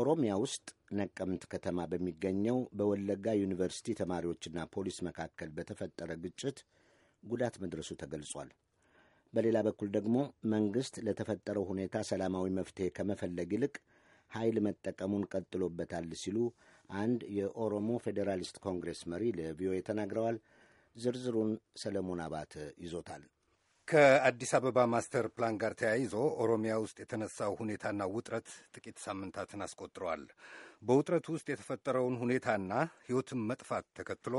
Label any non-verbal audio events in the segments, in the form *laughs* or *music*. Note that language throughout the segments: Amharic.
ኦሮሚያ ውስጥ ነቀምት ከተማ በሚገኘው በወለጋ ዩኒቨርሲቲ ተማሪዎችና ፖሊስ መካከል በተፈጠረ ግጭት ጉዳት መድረሱ ተገልጿል። በሌላ በኩል ደግሞ መንግሥት ለተፈጠረው ሁኔታ ሰላማዊ መፍትሔ ከመፈለግ ይልቅ ኃይል መጠቀሙን ቀጥሎበታል ሲሉ አንድ የኦሮሞ ፌዴራሊስት ኮንግሬስ መሪ ለቪኦኤ ተናግረዋል። ዝርዝሩን ሰለሞን አባተ ይዞታል። ከአዲስ አበባ ማስተር ፕላን ጋር ተያይዞ ኦሮሚያ ውስጥ የተነሳው ሁኔታና ውጥረት ጥቂት ሳምንታትን አስቆጥረዋል። በውጥረቱ ውስጥ የተፈጠረውን ሁኔታና ሕይወትን መጥፋት ተከትሎ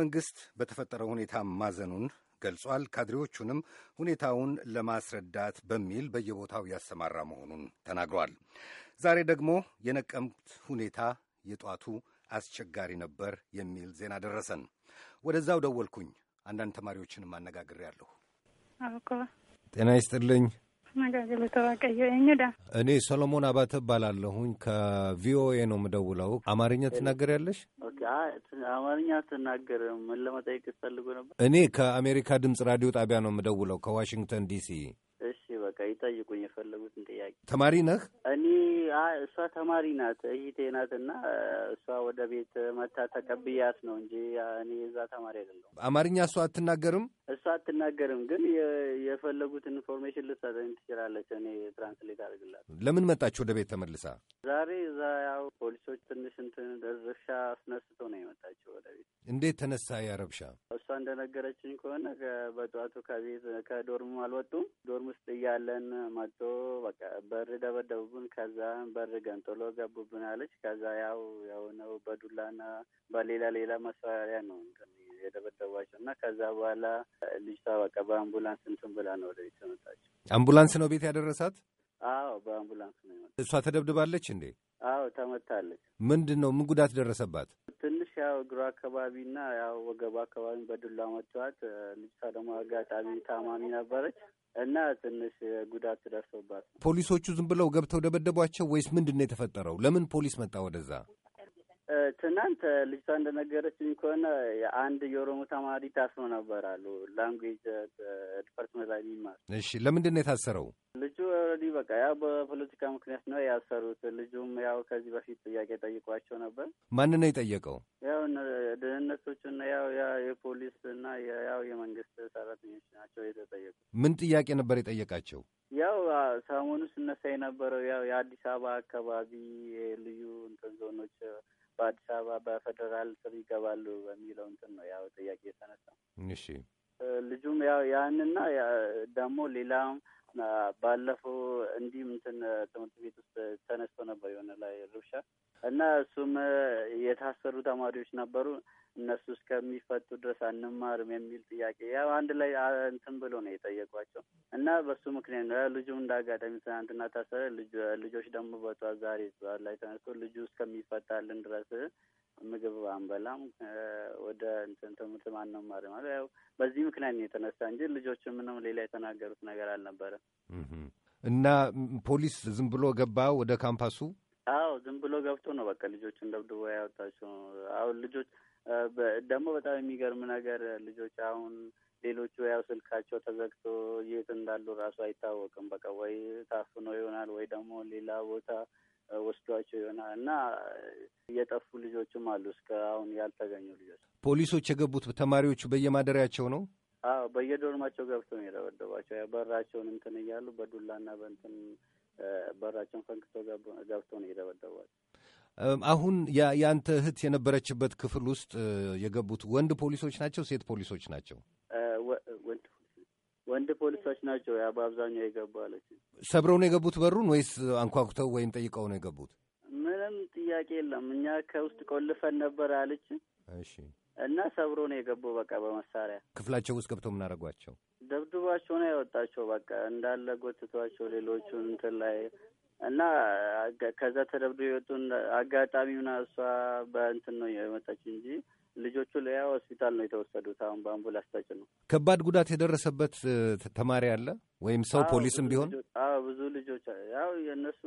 መንግሥት በተፈጠረው ሁኔታ ማዘኑን ገልጿል። ካድሬዎቹንም ሁኔታውን ለማስረዳት በሚል በየቦታው ያሰማራ መሆኑን ተናግሯል። ዛሬ ደግሞ የነቀምት ሁኔታ የጧቱ አስቸጋሪ ነበር የሚል ዜና ደረሰን። ወደዛው ደወልኩኝ። አንዳንድ ተማሪዎችንም አነጋግሬያለሁ። ጤና ይስጥልኝ። እኔ ሰሎሞን አባተ እባላለሁኝ ከቪኦኤ ነው የምደውለው። አማርኛ ያለሽ? አማርኛ ትናገር ምን ለመጠየቅ ትፈልጉ ነበር? እኔ ከአሜሪካ ድምፅ ራዲዮ ጣቢያ ነው የምደውለው ከዋሽንግተን ዲሲ። በቃ ይጠይቁኝ የፈለጉትን ጥያቄ። ተማሪ ነህ? እኔ እሷ ተማሪ ናት፣ እህቴ ናት። እና እሷ ወደ ቤት መታ ተቀብያት ነው እንጂ እኔ እዛ ተማሪ አይደለሁም። አማርኛ እሷ አትናገርም? እሷ አትናገርም፣ ግን የፈለጉትን ኢንፎርሜሽን ልትሰጠኝ ትችላለች። እኔ ትራንስሌት አድርግላት። ለምን መጣች ወደ ቤት ተመልሳ? ዛሬ እዛ ያው ፖሊሶች ትንሽ እንትን ረብሻ አስነስቶ ነው የመጣችው ወደ ቤት። እንዴት ተነሳ ያ ረብሻ? እሷ እንደነገረችኝ ከሆነ በጠዋቱ ከቤት ከዶርሙ አልወጡም። ዶርም ውስጥ እያለን መጥቶ በቃ በር ደበደቡብን። ከዛ በር ገንጥሎ ገቡብን አለች። ከዛ ያው የሆነው በዱላና በሌላ ሌላ መሳሪያ ነው የደበደቧቸው እና ከዛ በኋላ ልጅቷ በቃ በአምቡላንስ እንትን ብላ ነው ወደ ቤት የመጣችው። አምቡላንስ ነው ቤት ያደረሳት? አዎ በአምቡላንስ ነው እሷ ተደብድባለች እንዴ? አዎ ተመታለች። ምንድን ነው ምን ጉዳት ደረሰባት? መጨረሻ እግሩ አካባቢና ያው ወገቡ አካባቢ በዱላ መቷት። ልጅቷ ደግሞ አጋጣሚ ታማሚ ነበረች እና ትንሽ ጉዳት ደርሶባት። ፖሊሶቹ ዝም ብለው ገብተው ደበደቧቸው ወይስ ምንድን ነው የተፈጠረው? ለምን ፖሊስ መጣ ወደዛ? ትናንት ልጅቷ እንደነገረችኝ ከሆነ አንድ የኦሮሞ ተማሪ ታስሮ ነበር አሉ። ላንጉጅ ዲፓርትመንት ላይ የሚማር እሺ። ለምንድን ነው የታሰረው? ልጁ ኦልሬዲ በቃ ያው በፖለቲካ ምክንያት ነው ያሰሩት። ልጁም ያው ከዚህ በፊት ጥያቄ ጠይቋቸው ነበር። ማን ነው የጠየቀው? ያው ደህንነቶቹና ያው የፖሊስ እና ያው የመንግስት ሰራተኞች ናቸው የተጠየቁ ምን ጥያቄ ነበር የጠየቃቸው? ያው ሰሞኑ ስነሳ የነበረው ያው የአዲስ አበባ አካባቢ ልዩ እንትን ዞኖች በአዲስ አበባ በፌዴራል ስር ይገባሉ በሚለው እንትን ነው ያው ጥያቄ የተነሳው። እሺ ልጁም ያው ያንና ደግሞ ሌላም ባለፈው እንዲህም እንትን ትምህርት ቤት ውስጥ ተነስቶ ነበር የሆነ ላይ ርብሻ እና እሱም የታሰሩ ተማሪዎች ነበሩ። እነሱ እስከሚፈቱ ድረስ አንማርም የሚል ጥያቄ ያው አንድ ላይ እንትን ብሎ ነው የጠየቋቸው እና በሱ ምክንያት ነው ልጁም እንዳጋጣሚ ትናንትና ታሰረ። ልጆች ደግሞ በጧት ዛሬ ላይ ተነስቶ ልጁ እስከሚፈታልን ድረስ ምግብ አንበላም። ወደ እንትን ትምህርት ማን ነው ማሪ ማለት ያው በዚህ ምክንያት ነው የተነሳ እንጂ ልጆች ምንም ሌላ የተናገሩት ነገር አልነበረም። እና ፖሊስ ዝም ብሎ ገባ ወደ ካምፓሱ? አዎ ዝም ብሎ ገብቶ ነው በቃ ልጆችን ደብድቦ ያወጣቸው። አሁን ልጆች ደግሞ በጣም የሚገርም ነገር ልጆች አሁን ሌሎቹ ያው ስልካቸው ተዘግቶ የት እንዳሉ ራሱ አይታወቅም። በቃ ወይ ታፍኖ ይሆናል ወይ ደግሞ ሌላ ቦታ ወስዷቸው ይሆናል እና የጠፉ ልጆችም አሉ። እስከ አሁን ያልተገኙ ልጆች ፖሊሶች የገቡት ተማሪዎቹ በየማደሪያቸው ነው። አዎ በየዶርማቸው ገብቶ ነው የደበደቧቸው። በራቸውን እንትን እያሉ በዱላና በእንትን በራቸውን ፈንክቶ ገብቶ ነው የደበደቧቸው። አሁን የአንተ እህት የነበረችበት ክፍል ውስጥ የገቡት ወንድ ፖሊሶች ናቸው ሴት ፖሊሶች ናቸው? ወንድ ፖሊሶች ናቸው። ያ በአብዛኛው የገቡ አለች። ሰብረው ነው የገቡት በሩን ወይስ አንኳኩተው ወይም ጠይቀው ነው የገቡት? ምንም ጥያቄ የለም። እኛ ከውስጥ ቆልፈን ነበር አለች። እሺ እና ሰብሮ ነው የገቡ። በቃ በመሳሪያ ክፍላቸው ውስጥ ገብተው ምናደረጓቸው? ደብድባቸው ነው ያወጣቸው። በቃ እንዳለ ጎትቷቸው ሌሎቹን እንትን ላይ እና ከዛ ተደብዶ የወጡን አጋጣሚ ሁና እሷ በእንትን ነው የመጣች እንጂ ልጆቹ ሌላ ሆስፒታል ነው የተወሰዱት። አሁን በአምቡላንስ ተጭነው። ከባድ ጉዳት የደረሰበት ተማሪ አለ ወይም ሰው ፖሊስም ቢሆን? አዎ ብዙ ልጆች ያው የእነሱ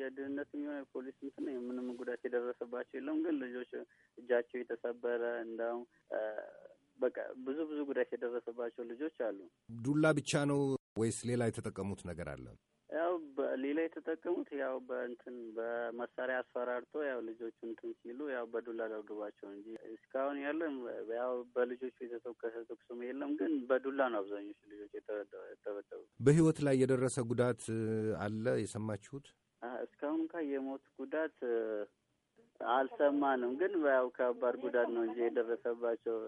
የድህነት የሚሆን የፖሊስ እንትን የምንም ጉዳት የደረሰባቸው የለም፣ ግን ልጆች እጃቸው የተሰበረ እንደውም በቃ ብዙ ብዙ ጉዳት የደረሰባቸው ልጆች አሉ። ዱላ ብቻ ነው ወይስ ሌላ የተጠቀሙት ነገር አለ? ያው ሌላ የተጠቀሙት ያው በእንትን በመሳሪያ አስፈራርቶ ያው ልጆቹ እንትን ሲሉ ያው በዱላ ደብድቧቸው እንጂ እስካሁን ያለም ያው በልጆቹ የተተኮሰ ተኩስም የለም። ግን በዱላ ነው አብዛኞቹ ልጆች የተበደቡ። በህይወት ላይ የደረሰ ጉዳት አለ የሰማችሁት? እስካሁን ካ የሞት ጉዳት አልሰማንም። ግን ያው ከባድ ጉዳት ነው እንጂ የደረሰባቸው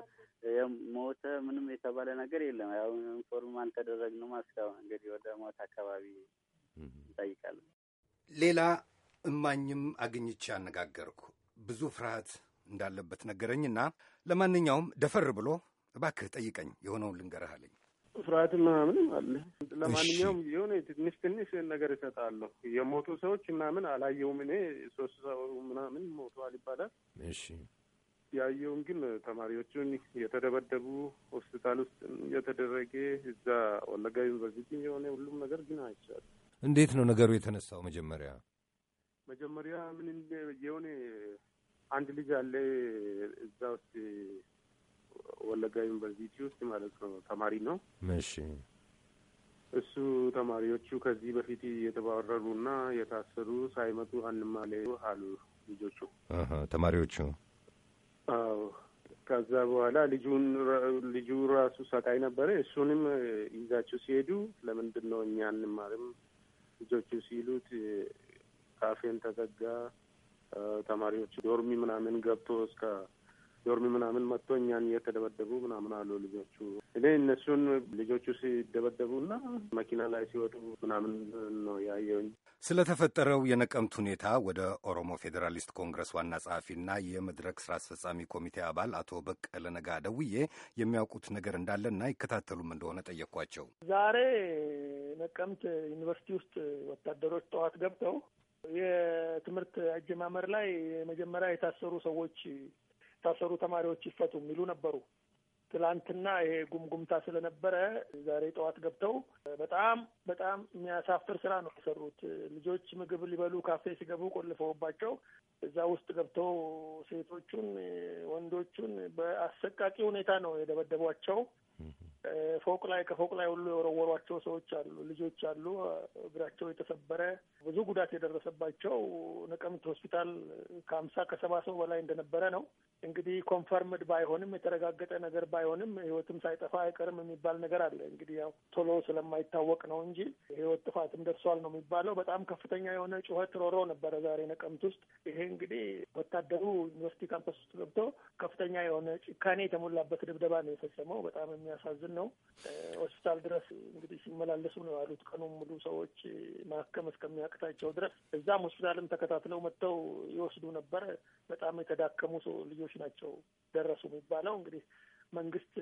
ሞተ ምንም የተባለ ነገር የለም። ያው ኢንፎርም አልተደረግንም እስካሁን እንግዲህ ወደ ሞት አካባቢ እንጠይቃለን። ሌላ እማኝም አግኝቼ አነጋገርኩ። ብዙ ፍርሃት እንዳለበት ነገረኝና ለማንኛውም ደፈር ብሎ እባክህ ጠይቀኝ የሆነውን ልንገርህ አለኝ። ፍርሃትና አለ። ለማንኛውም የሆነ ትንሽ ትንሽ ነገር እሰጣለሁ። የሞቱ ሰዎች ምናምን አላየውም እኔ ሶስት ሰው ምናምን ሞተዋል ይባላል። እሺ ያየውም ግን ተማሪዎቹን የተደበደቡ ሆስፒታል ውስጥ የተደረገ እዛ ወለጋ ዩኒቨርሲቲ የሆነ ሁሉም ነገር ግን አይቻልም። እንዴት ነው ነገሩ የተነሳው? መጀመሪያ መጀመሪያ ምን የሆነ አንድ ልጅ አለ እዛ ውስጥ ወለጋ ዩኒቨርሲቲ ውስጥ ማለት ነው ተማሪ ነው። እሺ እሱ ተማሪዎቹ ከዚህ በፊት የተባረሩና የታሰሩ ሳይመጡ አንማሌ አሉ ልጆቹ ተማሪዎቹ። አዎ ከዛ በኋላ ልጁን ልጁ ራሱ ሰቃይ ነበረ። እሱንም ይዛቸው ሲሄዱ ለምንድን ነው እኛ አንማርም ልጆቹ ሲሉት ካፌን ተዘጋ። ተማሪዎች ዶርሚ ምናምን ገብቶ እስከ ዶርሚ ምናምን መጥቶ እኛን እየተደበደቡ ምናምን አሉ ልጆቹ። እኔ እነሱን ልጆቹ ሲደበደቡና መኪና ላይ ሲወጡ ምናምን ነው ያየውኝ። ስለተፈጠረው የነቀምት ሁኔታ ወደ ኦሮሞ ፌዴራሊስት ኮንግረስ ዋና ጸሐፊና የመድረክ ስራ አስፈጻሚ ኮሚቴ አባል አቶ በቀለ ነጋ ደውዬ የሚያውቁት ነገር እንዳለና ይከታተሉም እንደሆነ ጠየኳቸው። ዛሬ የመቀምት ዩኒቨርሲቲ ውስጥ ወታደሮች ጠዋት ገብተው የትምህርት አጀማመር ላይ መጀመሪያ የታሰሩ ሰዎች የታሰሩ ተማሪዎች ይፈቱ የሚሉ ነበሩ። ትላንትና ይሄ ጉምጉምታ ስለነበረ ዛሬ ጠዋት ገብተው በጣም በጣም የሚያሳፍር ስራ ነው የሰሩት። ልጆች ምግብ ሊበሉ ካፌ ሲገቡ ቆልፈውባቸው እዛ ውስጥ ገብተው ሴቶቹን፣ ወንዶቹን በአሰቃቂ ሁኔታ ነው የደበደቧቸው። ፎቅ ላይ ከፎቅ ላይ ሁሉ የወረወሯቸው ሰዎች አሉ፣ ልጆች አሉ፣ እግራቸው የተሰበረ ብዙ ጉዳት የደረሰባቸው ነቀምት ሆስፒታል ከሀምሳ ከሰባ ሰው በላይ እንደነበረ ነው። እንግዲህ ኮንፈርምድ ባይሆንም የተረጋገጠ ነገር ባይሆንም ህይወትም ሳይጠፋ አይቀርም የሚባል ነገር አለ። እንግዲህ ያው ቶሎ ስለማይታወቅ ነው እንጂ ህይወት ጥፋትም ደርሷል ነው የሚባለው። በጣም ከፍተኛ የሆነ ጩኸት ሮሮ ነበረ ዛሬ ነቀምት ውስጥ። ይሄ እንግዲህ ወታደሩ ዩኒቨርሲቲ ካምፐስ ውስጥ ገብቶ ከፍተኛ የሆነ ጭካኔ የተሞላበት ድብደባ ነው የፈጸመው። በጣም የሚያሳዝን ነው። ሆስፒታል ድረስ እንግዲህ ሲመላለሱ ነው ያሉት። ቀኑን ሙሉ ሰዎች ማከም እስከሚያቅታቸው ድረስ እዛም ሆስፒታልም ተከታትለው መጥተው ይወስዱ ነበረ። በጣም የተዳከሙ ልጆች ናቸው ደረሱ የሚባለው እንግዲህ መንግስት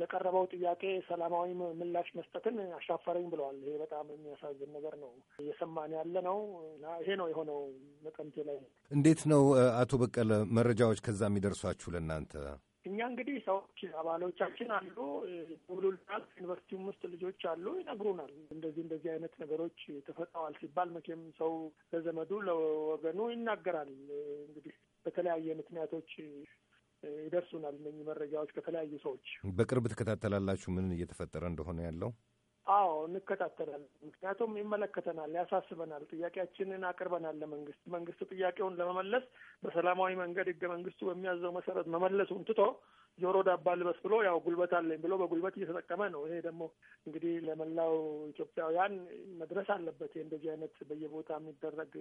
ለቀረበው ጥያቄ ሰላማዊ ምላሽ መስጠትን አሻፈረኝ ብለዋል። ይሄ በጣም የሚያሳዝን ነገር ነው እየሰማን ያለ ነው ይሄ ነው የሆነው ነቀምቴ ላይ። እንዴት ነው አቶ በቀለ መረጃዎች ከዛ የሚደርሷችሁ ለእናንተ? እኛ እንግዲህ ሰዎች አባሎቻችን አሉ ብሉልናል። ዩኒቨርሲቲውም ውስጥ ልጆች አሉ ይነግሩናል። እንደዚህ እንደዚህ አይነት ነገሮች ተፈጥረዋል ሲባል መቼም ሰው ለዘመዱ ለወገኑ ይናገራል። እንግዲህ በተለያየ ምክንያቶች ይደርሱናል እነኚህ መረጃዎች ከተለያዩ ሰዎች። በቅርብ ትከታተላላችሁ ምን እየተፈጠረ እንደሆነ ያለው አዎ እንከታተላለን። ምክንያቱም ይመለከተናል፣ ያሳስበናል። ጥያቄያችንን አቅርበናል ለመንግስት። መንግስት ጥያቄውን ለመመለስ በሰላማዊ መንገድ ህገ መንግስቱ በሚያዘው መሰረት መመለሱን ትቶ ጆሮ ዳባ ልበስ ብሎ ያው ጉልበት አለኝ ብሎ በጉልበት እየተጠቀመ ነው። ይሄ ደግሞ እንግዲህ ለመላው ኢትዮጵያውያን መድረስ አለበት። እንደዚህ አይነት በየቦታ የሚደረግ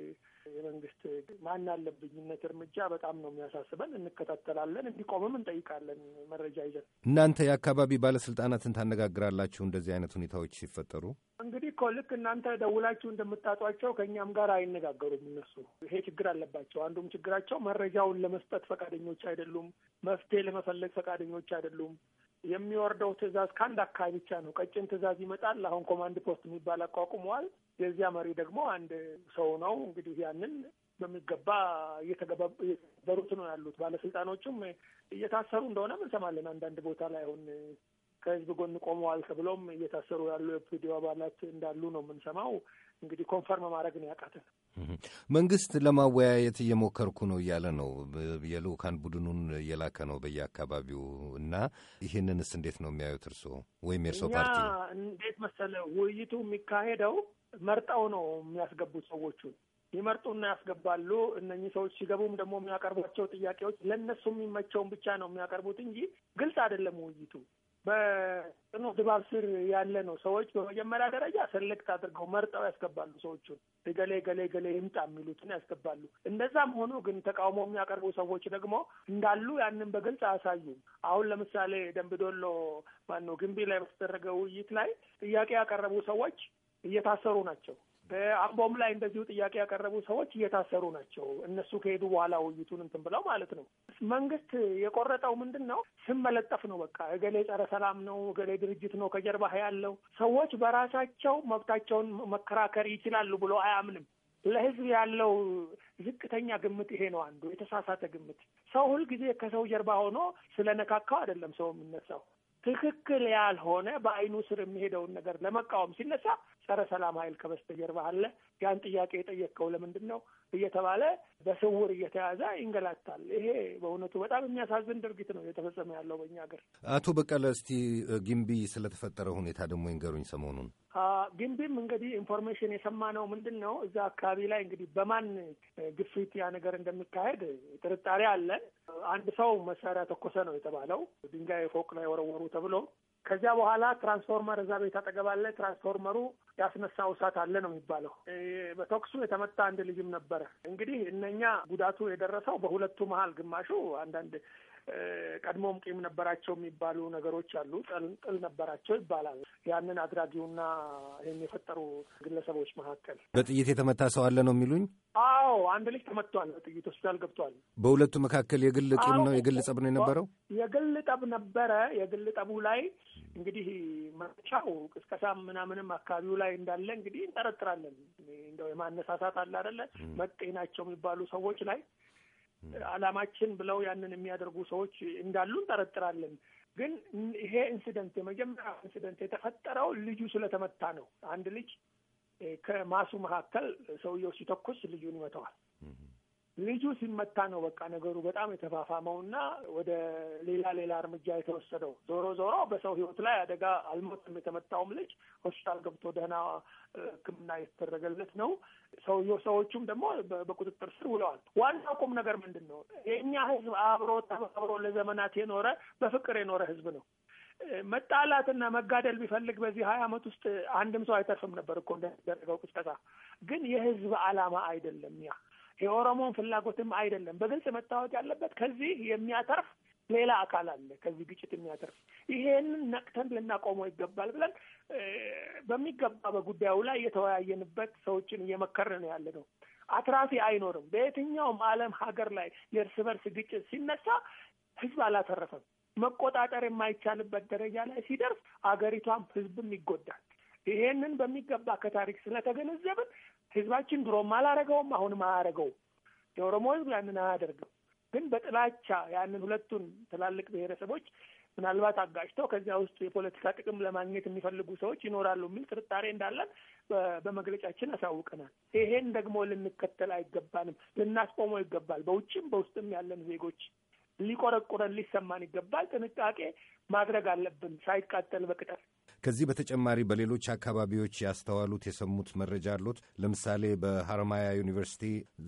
የመንግስት ማን አለብኝነት እርምጃ በጣም ነው የሚያሳስበን። እንከታተላለን፣ እንዲቆምም እንጠይቃለን መረጃ ይዘን። እናንተ የአካባቢ ባለስልጣናትን ታነጋግራላችሁ እንደዚህ አይነት ሁኔታዎች ሲፈጠሩ? እንግዲህ እኮ ልክ እናንተ ደውላችሁ እንደምታጧቸው ከእኛም ጋር አይነጋገሩም። እነሱ ይሄ ችግር አለባቸው። አንዱም ችግራቸው መረጃውን ለመስጠት ፈቃደኞች አይደሉም። መፍትሄ ለመፈለግ ፈቃደኞች አይደሉም። የሚወርደው ትዕዛዝ ከአንድ አካባቢ ብቻ ነው። ቀጭን ትዕዛዝ ይመጣል። አሁን ኮማንድ ፖስት የሚባል አቋቁመዋል። የዚያ መሪ ደግሞ አንድ ሰው ነው። እንግዲህ ያንን በሚገባ እየተገበሩት ነው ያሉት። ባለስልጣኖቹም እየታሰሩ እንደሆነ ምንሰማለን አንዳንድ ቦታ ላይ አሁን ከህዝብ ጎን ቆመዋል ተብሎም እየታሰሩ ያሉ የፒዲዮ አባላት እንዳሉ ነው የምንሰማው። እንግዲህ ኮንፈርም ማድረግ ነው ያቃተን። መንግስት ለማወያየት እየሞከርኩ ነው እያለ ነው የልኡካን ቡድኑን እየላከ ነው በየአካባቢው እና ይህንንስ እንዴት ነው የሚያዩት እርስዎ ወይም የእርስዎ ፓርቲ? እንዴት መሰለ ውይይቱ የሚካሄደው መርጠው ነው የሚያስገቡት ሰዎቹን ይመርጡና ያስገባሉ። እነኚህ ሰዎች ሲገቡም ደግሞ የሚያቀርቧቸው ጥያቄዎች ለእነሱ የሚመቸውን ብቻ ነው የሚያቀርቡት እንጂ ግልጽ አይደለም ውይይቱ። በጽኑ ድባብ ስር ያለ ነው። ሰዎች በመጀመሪያ ደረጃ ሰሌክት አድርገው መርጠው ያስገባሉ። ሰዎቹን ገሌ ገሌ ገሌ ይምጣ የሚሉትን ያስገባሉ። እንደዛም ሆኖ ግን ተቃውሞ የሚያቀርቡ ሰዎች ደግሞ እንዳሉ ያንን በግልጽ አያሳዩም። አሁን ለምሳሌ ደንቢዶሎ ማነው ግንቢ ላይ በተደረገ ውይይት ላይ ጥያቄ ያቀረቡ ሰዎች እየታሰሩ ናቸው። በአምቦም ላይ እንደዚሁ ጥያቄ ያቀረቡ ሰዎች እየታሰሩ ናቸው። እነሱ ከሄዱ በኋላ ውይይቱን እንትን ብለው ማለት ነው። መንግስት የቆረጠው ምንድን ነው? ስም መለጠፍ ነው። በቃ እገሌ ጸረ ሰላም ነው፣ እገሌ ድርጅት ነው ከጀርባ ያለው። ሰዎች በራሳቸው መብታቸውን መከራከር ይችላሉ ብሎ አያምንም። ለህዝብ ያለው ዝቅተኛ ግምት ይሄ ነው። አንዱ የተሳሳተ ግምት። ሰው ሁልጊዜ ከሰው ጀርባ ሆኖ ስለነካካው አይደለም ሰው የሚነሳው ትክክል ያልሆነ በአይኑ ስር የሚሄደውን ነገር ለመቃወም ሲነሳ ጸረ ሰላም ኃይል ከበስተጀርባ አለ፣ ያን ጥያቄ የጠየቅከው ለምንድን ነው እየተባለ በስውር እየተያዘ ይንገላታል። ይሄ በእውነቱ በጣም የሚያሳዝን ድርጊት ነው እየተፈጸመ ያለው በእኛ ሀገር። አቶ በቀለ እስቲ ጊምቢ ስለተፈጠረ ሁኔታ ደግሞ ይንገሩኝ ሰሞኑን ቢምቢም እንግዲህ ኢንፎርሜሽን የሰማነው ምንድን ነው እዛ አካባቢ ላይ እንግዲህ በማን ግፊት ያ ነገር እንደሚካሄድ ጥርጣሬ አለ። አንድ ሰው መሳሪያ ተኮሰ ነው የተባለው፣ ድንጋይ ፎቅ ላይ ወረወሩ ተብሎ ከዚያ በኋላ ትራንስፎርመር እዛ ቤት አጠገብ አለ። ትራንስፎርመሩ ያስነሳው እሳት አለ ነው የሚባለው። በተኩሱ የተመታ አንድ ልጅም ነበረ። እንግዲህ እነኛ ጉዳቱ የደረሰው በሁለቱ መሀል ግማሹ አንዳንድ ቀድሞም ቂም ነበራቸው የሚባሉ ነገሮች አሉ። ጥል ነበራቸው ይባላል። ያንን አድራጊውና ይህን የፈጠሩ ግለሰቦች መካከል በጥይት የተመታ ሰው አለ ነው የሚሉኝ። አዎ አንድ ልጅ ተመቷል፣ በጥይት ሆስፒታል ገብቷል። በሁለቱ መካከል የግል ቂም ነው የግል ጠብ ነው የነበረው። የግል ጠብ ነበረ። የግል ጠቡ ላይ እንግዲህ መነሻው ቅስቀሳም ምናምንም አካባቢው ላይ እንዳለ እንግዲህ እንጠረጥራለን። እንደው የማነሳሳት አለ አይደለ መጤ ናቸው የሚባሉ ሰዎች ላይ አላማችን ብለው ያንን የሚያደርጉ ሰዎች እንዳሉ እንጠረጥራለን። ግን ይሄ ኢንሲደንት የመጀመሪያ ኢንሲደንት የተፈጠረው ልጁ ስለተመታ ነው። አንድ ልጅ ከማሱ መካከል ሰውየው ሲተኩስ ልጁን ይመተዋል። ልጁ ሲመታ ነው በቃ ነገሩ በጣም የተፋፋመው ና ወደ ሌላ ሌላ እርምጃ የተወሰደው። ዞሮ ዞሮ በሰው ህይወት ላይ አደጋ አልሞትም። የተመታውም ልጅ ሆስፒታል ገብቶ ደህና ሕክምና የተደረገለት ነው። ሰውየው ሰዎቹም ደግሞ በቁጥጥር ስር ውለዋል። ዋናው ቁም ነገር ምንድን ነው? የእኛ ህዝብ አብሮ ተባብሮ ለዘመናት የኖረ በፍቅር የኖረ ህዝብ ነው። መጣላትና መጋደል ቢፈልግ በዚህ ሀያ ዓመት ውስጥ አንድም ሰው አይተርፍም ነበር እኮ እንደሚደረገው ቅስቀሳ። ግን የህዝብ አላማ አይደለም ያ የኦሮሞን ፍላጎትም አይደለም። በግልጽ መታወቅ ያለበት ከዚህ የሚያተርፍ ሌላ አካል አለ፣ ከዚህ ግጭት የሚያተርፍ ይሄንን ነቅተን ልናቆመው ይገባል ብለን በሚገባ በጉዳዩ ላይ የተወያየንበት ሰዎችን እየመከርን ነው ያለ ነው። አትራፊ አይኖርም። በየትኛውም ዓለም ሀገር ላይ የእርስ በርስ ግጭት ሲነሳ ህዝብ አላተረፈም። መቆጣጠር የማይቻልበት ደረጃ ላይ ሲደርስ አገሪቷም ህዝብም ይጎዳል። ይሄንን በሚገባ ከታሪክ ስለተገነዘብን ህዝባችን ድሮም አላረገውም፣ አሁንም አያረገውም። የኦሮሞ ህዝብ ያንን አያደርግም። ግን በጥላቻ ያንን ሁለቱን ትላልቅ ብሔረሰቦች ምናልባት አጋጭተው ከዚያ ውስጥ የፖለቲካ ጥቅም ለማግኘት የሚፈልጉ ሰዎች ይኖራሉ የሚል ጥርጣሬ እንዳለን በመግለጫችን አሳውቀናል። ይሄን ደግሞ ልንከተል አይገባንም፣ ልናስቆመው ይገባል። በውጭም በውስጥም ያለን ዜጎች ሊቆረቁረን ሊሰማን ይገባል። ጥንቃቄ ማድረግ አለብን ሳይቃጠል በቅጠል ከዚህ በተጨማሪ በሌሎች አካባቢዎች ያስተዋሉት የሰሙት መረጃ አሉት? ለምሳሌ በሀረማያ ዩኒቨርሲቲ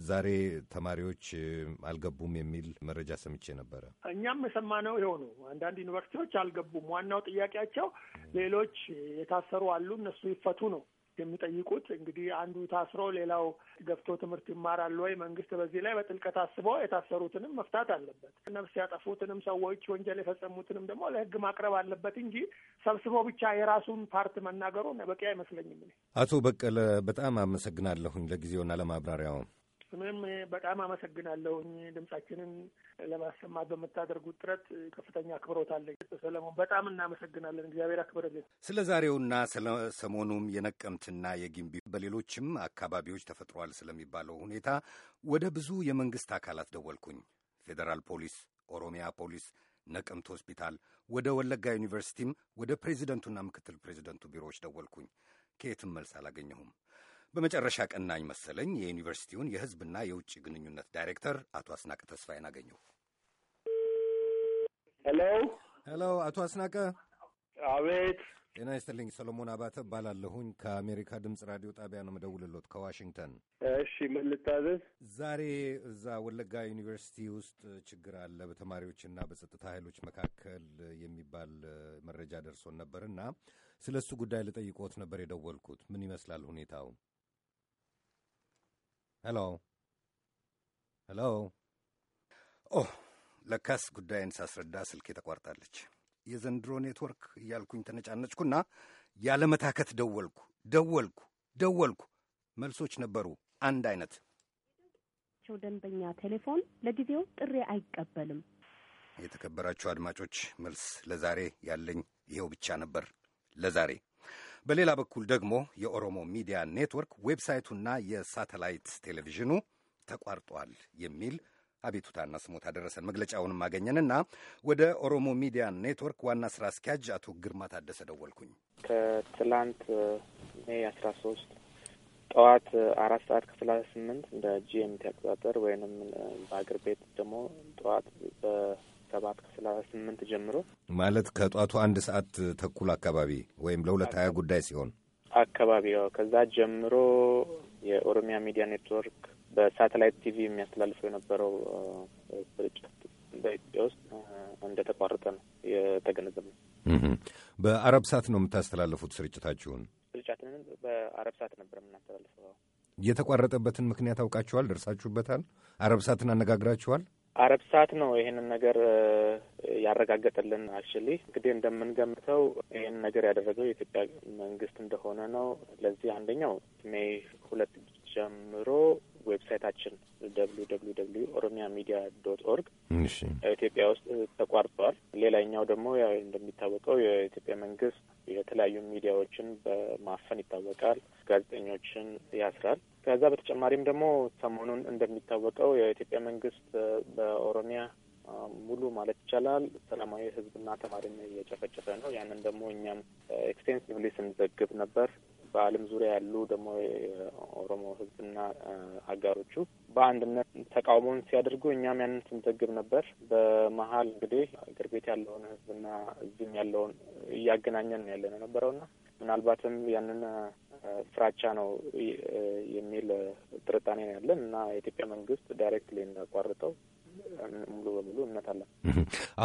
ዛሬ ተማሪዎች አልገቡም የሚል መረጃ ሰምቼ ነበረ። እኛም የሰማነው ይኸው ነው። አንዳንድ ዩኒቨርሲቲዎች አልገቡም። ዋናው ጥያቄያቸው ሌሎች የታሰሩ አሉ፣ እነሱ ይፈቱ ነው። የሚጠይቁት። እንግዲህ አንዱ ታስሮ ሌላው ገብቶ ትምህርት ይማራሉ ወይ? መንግስት በዚህ ላይ በጥልቀት አስቦ የታሰሩትንም መፍታት አለበት። ነፍስ ያጠፉትንም ሰዎች ወንጀል የፈጸሙትንም ደግሞ ለህግ ማቅረብ አለበት እንጂ ሰብስቦ ብቻ የራሱን ፓርት መናገሩ በቂ አይመስለኝም። አቶ በቀለ በጣም አመሰግናለሁኝ ለጊዜውና ለማብራሪያውም። ስምም በጣም አመሰግናለሁኝ። ድምጻችንን ለማሰማት በምታደርጉት ጥረት ከፍተኛ አክብሮት አለኝ። ሰለሞን በጣም እናመሰግናለን። እግዚአብሔር አክብርልን። ስለ ዛሬውና ስለ ሰሞኑም የነቀምትና የጊምቢ በሌሎችም አካባቢዎች ተፈጥሯል ስለሚባለው ሁኔታ ወደ ብዙ የመንግስት አካላት ደወልኩኝ። ፌዴራል ፖሊስ፣ ኦሮሚያ ፖሊስ ነቀምት ሆስፒታል፣ ወደ ወለጋ ዩኒቨርሲቲም ወደ ፕሬዚደንቱና ምክትል ፕሬዚደንቱ ቢሮዎች ደወልኩኝ። ከየትም መልስ አላገኘሁም። በመጨረሻ ቀናኝ መሰለኝ የዩኒቨርሲቲውን የህዝብና የውጭ ግንኙነት ዳይሬክተር አቶ አስናቀ ተስፋዬን አገኘሁ። ሄሎ ሄሎ፣ አቶ አስናቀ። አቤት። ጤና ይስጥልኝ። ሰሎሞን አባተ እባላለሁኝ ከአሜሪካ ድምፅ ራዲዮ ጣቢያ ነው የምደውልልዎት ከዋሽንግተን። እሺ፣ ምን ልታዘዝ? ዛሬ እዛ ወለጋ ዩኒቨርሲቲ ውስጥ ችግር አለ በተማሪዎችና በጸጥታ ኃይሎች መካከል የሚባል መረጃ ደርሶን ነበር እና ስለ እሱ ጉዳይ ልጠይቆት ነበር የደወልኩት። ምን ይመስላል ሁኔታው? ሄሎ ሄሎ። ኦ ለካስ ጉዳይን ሳስረዳ ስልኬ ተቋርጣለች። የዘንድሮ ኔትወርክ እያልኩኝ ተነጫነጭኩና ያለመታከት ደወልኩ ደወልኩ ደወልኩ። መልሶች ነበሩ አንድ አይነት። ደንበኛ ቴሌፎን ለጊዜው ጥሪ አይቀበልም። የተከበራችሁ አድማጮች መልስ ለዛሬ ያለኝ ይኸው ብቻ ነበር ለዛሬ በሌላ በኩል ደግሞ የኦሮሞ ሚዲያ ኔትወርክ ዌብሳይቱና የሳተላይት ቴሌቪዥኑ ተቋርጧል የሚል አቤቱታና ስሞታ ደረሰን። መግለጫውንም አገኘንና ወደ ኦሮሞ ሚዲያ ኔትወርክ ዋና ስራ አስኪያጅ አቶ ግርማ ታደሰ ደወልኩኝ። ከትላንት ሜ አስራ ሶስት ጠዋት አራት ሰዓት ከሰላሳ ስምንት እንደ ጂኤምቲ አቆጣጠር ወይንም በሀገር ቤት ደግሞ ጠዋት ሰባት ከስላ ስምንት ጀምሮ ማለት ከጧቱ አንድ ሰዓት ተኩል አካባቢ ወይም ለሁለት ሀያ ጉዳይ ሲሆን አካባቢ ከዛ ጀምሮ የኦሮሚያ ሚዲያ ኔትወርክ በሳተላይት ቲቪ የሚያስተላልፈው የነበረው ስርጭት በኢትዮጵያ ውስጥ እንደተቋረጠ ነው የተገነዘብ ነው። በአረብ ሰዓት ነው የምታስተላልፉት ስርጭታችሁን? ስርጭታችንን በአረብ ሰዓት ነበር የምናስተላልፈው። የተቋረጠበትን ምክንያት አውቃችኋል? ደርሳችሁበታል? አረብሳትን አነጋግራችኋል? አረብሳት ነው ይህንን ነገር ያረጋገጠልን። አክቹዋሊ እንግዲህ እንደምንገምተው ይህን ነገር ያደረገው የኢትዮጵያ መንግስት እንደሆነ ነው። ለዚህ አንደኛው ሜይ ሁለት ጀምሮ ዌብሳይታችን ደብሊው ደብሊው ደብሊው ኦሮሚያ ሚዲያ ዶት ኦርግ ኢትዮጵያ ውስጥ ተቋርጧል። ሌላኛው ደግሞ ያው እንደሚታወቀው የኢትዮጵያ መንግስት የተለያዩ ሚዲያዎችን በማፈን ይታወቃል። ጋዜጠኞችን ያስራል። ከዛ በተጨማሪም ደግሞ ሰሞኑን እንደሚታወቀው የኢትዮጵያ መንግስት በኦሮሚያ ሙሉ ማለት ይቻላል ሰላማዊ ህዝብና ተማሪን እየጨፈጨፈ ነው። ያንን ደግሞ እኛም ኤክስቴንሲቭሊ ስንዘግብ ነበር። በዓለም ዙሪያ ያሉ ደግሞ የኦሮሞ ህዝብና አጋሮቹ በአንድነት ተቃውሞን ሲያደርጉ እኛም ያንን ስንዘግብ ነበር። በመሀል እንግዲህ እግር ቤት ያለውን ህዝብና እዚህም ያለውን እያገናኘን ያለ ነው ምናልባትም ያንን ፍራቻ ነው የሚል ጥርጣኔ ነው ያለን እና የኢትዮጵያ መንግስት ዳይሬክትሊ እንዳቋርጠው ሙሉ በሙሉ እምነት አለን።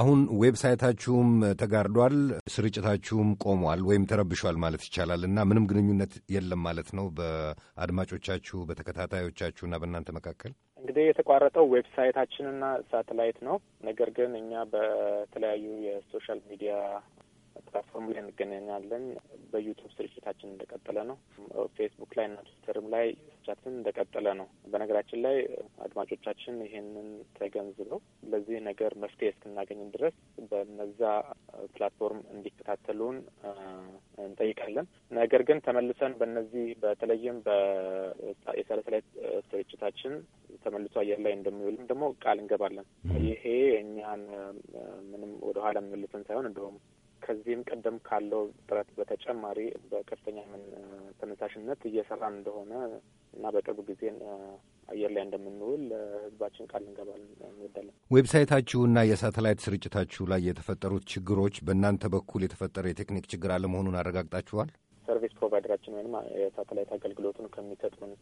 አሁን ዌብሳይታችሁም ተጋርዷል፣ ስርጭታችሁም ቆሟል ወይም ተረብሿል ማለት ይቻላል እና ምንም ግንኙነት የለም ማለት ነው በአድማጮቻችሁ በተከታታዮቻችሁ እና በእናንተ መካከል። እንግዲህ የተቋረጠው ዌብሳይታችንና ሳተላይት ነው። ነገር ግን እኛ በተለያዩ የሶሻል ሚዲያ ፕላትፎርም ላይ እንገናኛለን። በዩቱብ ስርጭታችን እንደቀጠለ ነው። ፌስቡክ ላይ እና ትዊተርም ላይ ስርጭታችን እንደቀጠለ ነው። በነገራችን ላይ አድማጮቻችን ይህንን ተገንዝበው ለዚህ ነገር መፍትሄ እስክናገኝን ድረስ በነዛ ፕላትፎርም እንዲከታተሉን እንጠይቃለን። ነገር ግን ተመልሰን በነዚህ በተለይም የሳተላይት ስርጭታችን ተመልሶ አየር ላይ እንደሚውልም ደግሞ ቃል እንገባለን። ይሄ እኛን ምንም ወደኋላ የሚመልሰን ሳይሆን እንደውም ከዚህም ቀደም ካለው ጥረት በተጨማሪ በከፍተኛ ተነሳሽነት እየሰራን እንደሆነ እና በቅርብ ጊዜ አየር ላይ እንደምንውል ህዝባችን ቃል እንገባለን እንወዳለን። ዌብሳይታችሁና የሳተላይት ስርጭታችሁ ላይ የተፈጠሩት ችግሮች በእናንተ በኩል የተፈጠረ የቴክኒክ ችግር አለመሆኑን አረጋግጣችኋል? ሰርቪስ ፕሮቫይደራችን ወይም የሳተላይት አገልግሎቱን ከሚሰጡን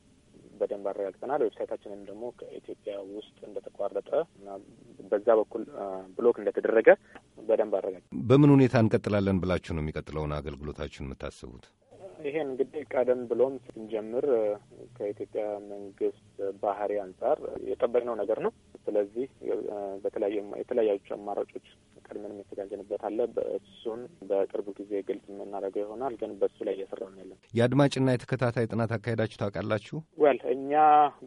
በደንብ አረጋግጠናል። ዌብሳይታችንም ደግሞ ከኢትዮጵያ ውስጥ እንደተቋረጠ እና በዛ በኩል ብሎክ እንደተደረገ በደንብ አረጋግጠ በምን ሁኔታ እንቀጥላለን ብላችሁ ነው የሚቀጥለውን አገልግሎታችሁን የምታስቡት? ይሄን እንግዲህ ቀደም ብሎም ስንጀምር ከኢትዮጵያ መንግስት ባህሪ አንጻር የጠበቅነው ነገር ነው። ስለዚህ በተለያዩ አማራጮች ቀድመን የተዘጋጀንበት አለ። እሱን በቅርቡ ጊዜ ግልጽ የምናደርገው ይሆናል። ግን በሱ ላይ ነው ያለን የአድማጭና የተከታታይ ጥናት አካሄዳችሁ ታውቃላችሁ? ወል እኛ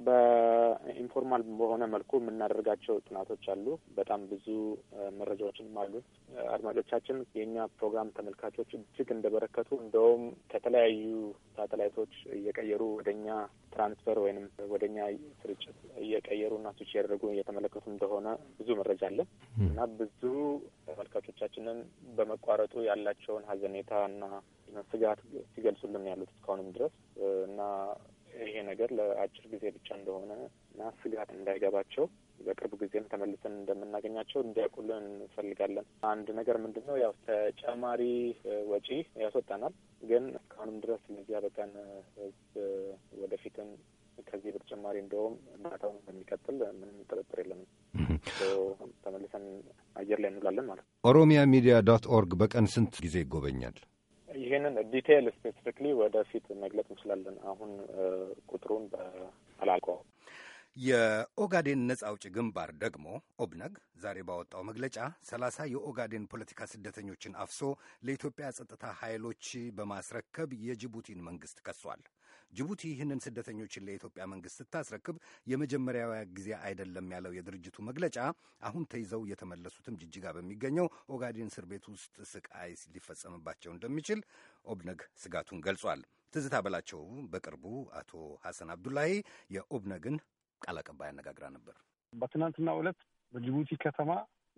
በኢንፎርማል በሆነ መልኩ የምናደርጋቸው ጥናቶች አሉ። በጣም ብዙ መረጃዎችንም አሉ። አድማጮቻችን የእኛ ፕሮግራም ተመልካቾች እጅግ እንደበረከቱ እንደውም ከተለያዩ ሳተላይቶች እየቀየሩ ወደ እኛ ትራንስፈር ወይም ወደ እኛ ስርጭት እየቀየሩ እና እያደረጉ እየተመለከቱ እንደሆነ ብዙ መረጃ አለ እና ብዙ ተመልካቾቻችንን በመቋረጡ ያላቸውን ሀዘኔታ እና ስጋት ሲገልጹልን ያሉት እስካሁንም ድረስ እና ይሄ ነገር ለአጭር ጊዜ ብቻ እንደሆነ እና ስጋት እንዳይገባቸው በቅርብ ጊዜም ተመልሰን እንደምናገኛቸው እንዲያውቁልን እንፈልጋለን። አንድ ነገር ምንድን ነው ያው ተጨማሪ ወጪ ያስወጣናል፣ ግን እስካሁንም ድረስ ለዚህ ያበቃን ህዝብ ወደፊትም ከዚህ በተጨማሪ እንደውም እርዳታውን እንደሚቀጥል ምንም ጥርጥር የለም። *laughs* ተመልሰን አየር ላይ እንውላለን ማለት ነው። ኦሮሚያ ሚዲያ ዶት ኦርግ በቀን ስንት ጊዜ ይጎበኛል? ይህንን ዲቴይል ስፔሲፊክሊ ወደፊት መግለጽ እንችላለን። አሁን ቁጥሩን አላውቀውም። የኦጋዴን ነጻ አውጪ ግንባር ደግሞ ኦብነግ ዛሬ ባወጣው መግለጫ ሰላሳ የኦጋዴን ፖለቲካ ስደተኞችን አፍሶ ለኢትዮጵያ ጸጥታ ኃይሎች በማስረከብ የጅቡቲን መንግስት ከሷል። ጅቡቲ ይህንን ስደተኞችን ለኢትዮጵያ መንግስት ስታስረክብ የመጀመሪያዋ ጊዜ አይደለም ያለው የድርጅቱ መግለጫ አሁን ተይዘው የተመለሱትም ጅጅጋ በሚገኘው ኦጋዴን እስር ቤት ውስጥ ስቃይ ሊፈጸምባቸው እንደሚችል ኦብነግ ስጋቱን ገልጿል። ትዝታ በላቸው በቅርቡ አቶ ሐሰን አብዱላሂ የኦብነግን ቃል አቀባይ አነጋግራ ነበር። በትናንትናው ዕለት በጅቡቲ ከተማ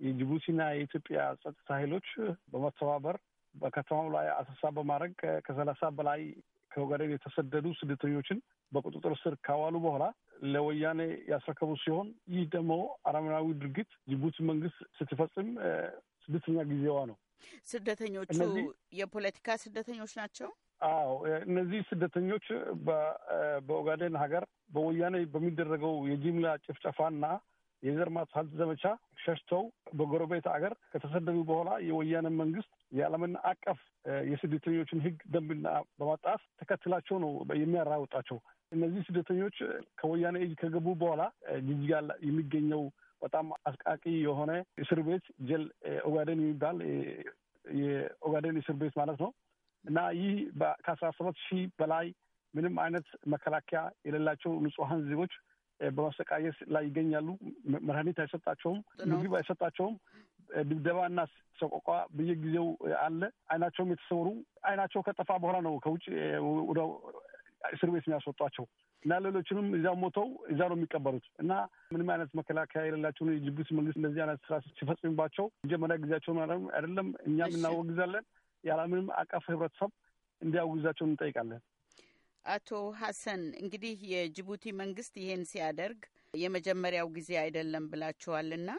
የጅቡቲና የኢትዮጵያ ጸጥታ ኃይሎች በመተባበር በከተማው ላይ አሰሳ በማድረግ ከሰላሳ በላይ ከወገደን የተሰደዱ ስደተኞችን በቁጥጥር ስር ካዋሉ በኋላ ለወያኔ ያስረከቡ ሲሆን ይህ ደግሞ አረመናዊ ድርጊት ጅቡቲ መንግስት ስትፈጽም ስድስተኛ ጊዜዋ ነው። ስደተኞቹ የፖለቲካ ስደተኞች ናቸው። አዎ፣ እነዚህ ስደተኞች በኦጋዴን ሀገር በወያኔ በሚደረገው የጅምላ ጭፍጨፋና የዘር ማጥፋት ዘመቻ ሸሽተው በጎረቤት አገር ከተሰደዱ በኋላ የወያኔ መንግስት የዓለምን አቀፍ የስደተኞችን ህግ ደንብና በማጣት ተከትላቸው ነው የሚያራውጣቸው። እነዚህ ስደተኞች ከወያኔ እጅ ከገቡ በኋላ ጅጅጋ የሚገኘው በጣም አስቃቂ የሆነ እስር ቤት ጀል ኦጋዴን የሚባል የኦጋዴን እስር ቤት ማለት ነው እና ይህ ከአስራ ሰባት ሺህ በላይ ምንም አይነት መከላከያ የሌላቸው ንጹሐን ዜጎች በማሰቃየት ላይ ይገኛሉ። መድኃኒት አይሰጣቸውም፣ ምግብ አይሰጣቸውም። ድብደባና ሰቆቋ በየጊዜው አለ። አይናቸውም የተሰወሩ አይናቸው ከጠፋ በኋላ ነው ከውጭ ወደ እስር ቤት የሚያስወጧቸው እና ሌሎችንም እዛ ሞተው እዛ ነው የሚቀበሩት እና ምንም አይነት መከላከያ የሌላቸውን የጅቡቲ መንግስት እንደዚህ አይነት ስራ ሲፈጽምባቸው መጀመሪያ ጊዜያቸውን አይደለም እኛም እናወግዛለን። ያለምንም አቀፍ ህብረተሰብ እንዲያወግዛቸውን እንጠይቃለን። አቶ ሀሰን እንግዲህ የጅቡቲ መንግስት ይሄን ሲያደርግ የመጀመሪያው ጊዜ አይደለም ብላችኋልና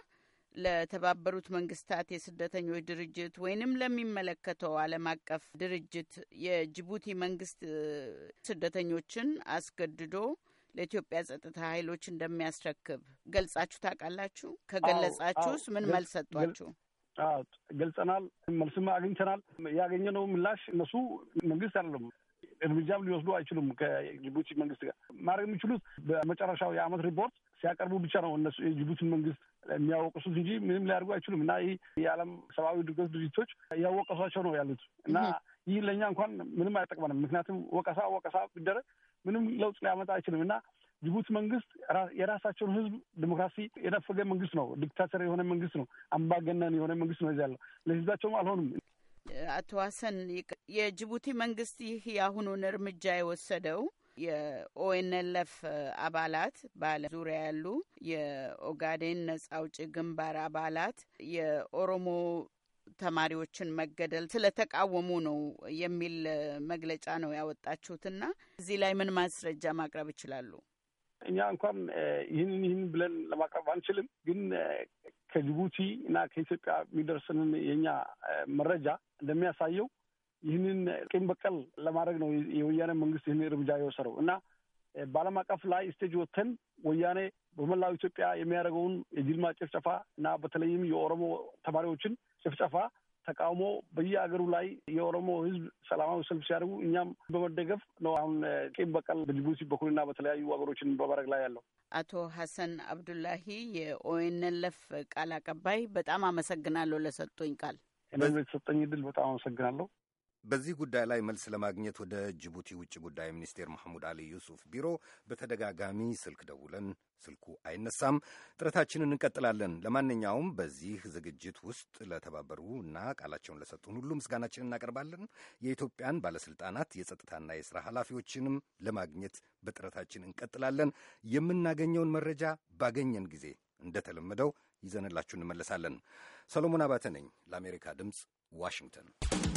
ለተባበሩት መንግስታት የስደተኞች ድርጅት ወይንም ለሚመለከተው ዓለም አቀፍ ድርጅት የጅቡቲ መንግስት ስደተኞችን አስገድዶ ለኢትዮጵያ ጸጥታ ኃይሎች እንደሚያስረክብ ገልጻችሁ ታውቃላችሁ? ከገለጻችሁስ ምን መልስ ሰጧችሁ? ገልጸናል፣ መልስም አግኝተናል። ያገኘነው ምላሽ እነሱ መንግስት አይደለም እርምጃም ሊወስዱ አይችሉም። ከጅቡቲ መንግስት ጋር ማድረግ የሚችሉት በመጨረሻው የአመት ሪፖርት ሲያቀርቡ ብቻ ነው እነሱ የጅቡቲ መንግስት የሚያወቅሱት እንጂ ምንም ሊያደርጉ አይችሉም። እና ይህ የዓለም ሰብአዊ ድርገት ድርጅቶች እያወቀሷቸው ነው ያሉት እና ይህ ለእኛ እንኳን ምንም አይጠቅመንም። ምክንያቱም ወቀሳ ወቀሳ ቢደረግ ምንም ለውጥ ሊያመጣ አይችልም እና ጅቡቲ መንግስት የራሳቸውን ህዝብ ዲሞክራሲ የነፈገ መንግስት ነው። ዲክታተር የሆነ መንግስት ነው። አምባገነን የሆነ መንግስት ነው። እዚያ ያለው ለህዝባቸውም አልሆኑም። አቶ ሀሰን የጅቡቲ መንግስት ይህ የአሁኑን እርምጃ የወሰደው የኦኤንኤልኤፍ አባላት በዓለም ዙሪያ ያሉ የኦጋዴን ነጻ አውጪ ግንባር አባላት የኦሮሞ ተማሪዎችን መገደል ስለተቃወሙ ነው የሚል መግለጫ ነው ያወጣችሁትና እዚህ ላይ ምን ማስረጃ ማቅረብ ይችላሉ? እኛ እንኳን ይህንን ይህን ብለን ለማቅረብ አንችልም። ግን ከጅቡቲ እና ከኢትዮጵያ የሚደርስንን የኛ መረጃ እንደሚያሳየው ይህንን ቂም በቀል ለማድረግ ነው የወያኔ መንግስት ይህን እርምጃ የወሰደው እና በዓለም አቀፍ ላይ ስቴጅ ወተን ወያኔ በመላው ኢትዮጵያ የሚያደርገውን የጅልማ ጭፍጨፋ እና በተለይም የኦሮሞ ተማሪዎችን ጭፍጨፋ ተቃውሞ በየሀገሩ ላይ የኦሮሞ ህዝብ ሰላማዊ ሰልፍ ሲያደርጉ እኛም በመደገፍ ነው። አሁን ቂም በቀል በጅቡቲ በኩልና በተለያዩ ሀገሮችን በማድረግ ላይ ያለው አቶ ሀሰን አብዱላሂ የኦኤንኤልኤፍ ቃል አቀባይ፣ በጣም አመሰግናለሁ ለሰጡኝ ቃል። እኔ የተሰጠኝ ድል በጣም አመሰግናለሁ። በዚህ ጉዳይ ላይ መልስ ለማግኘት ወደ ጅቡቲ ውጭ ጉዳይ ሚኒስቴር መሐሙድ አሊ ዩሱፍ ቢሮ በተደጋጋሚ ስልክ ደውለን ስልኩ አይነሳም። ጥረታችንን እንቀጥላለን። ለማንኛውም በዚህ ዝግጅት ውስጥ ለተባበሩ እና ቃላቸውን ለሰጡን ሁሉ ምስጋናችን እናቀርባለን። የኢትዮጵያን ባለስልጣናት የጸጥታና የስራ ኃላፊዎችንም ለማግኘት በጥረታችን እንቀጥላለን። የምናገኘውን መረጃ ባገኘን ጊዜ እንደተለመደው ይዘንላችሁ እንመለሳለን። ሰሎሞን አባተ ነኝ ለአሜሪካ ድምፅ ዋሽንግተን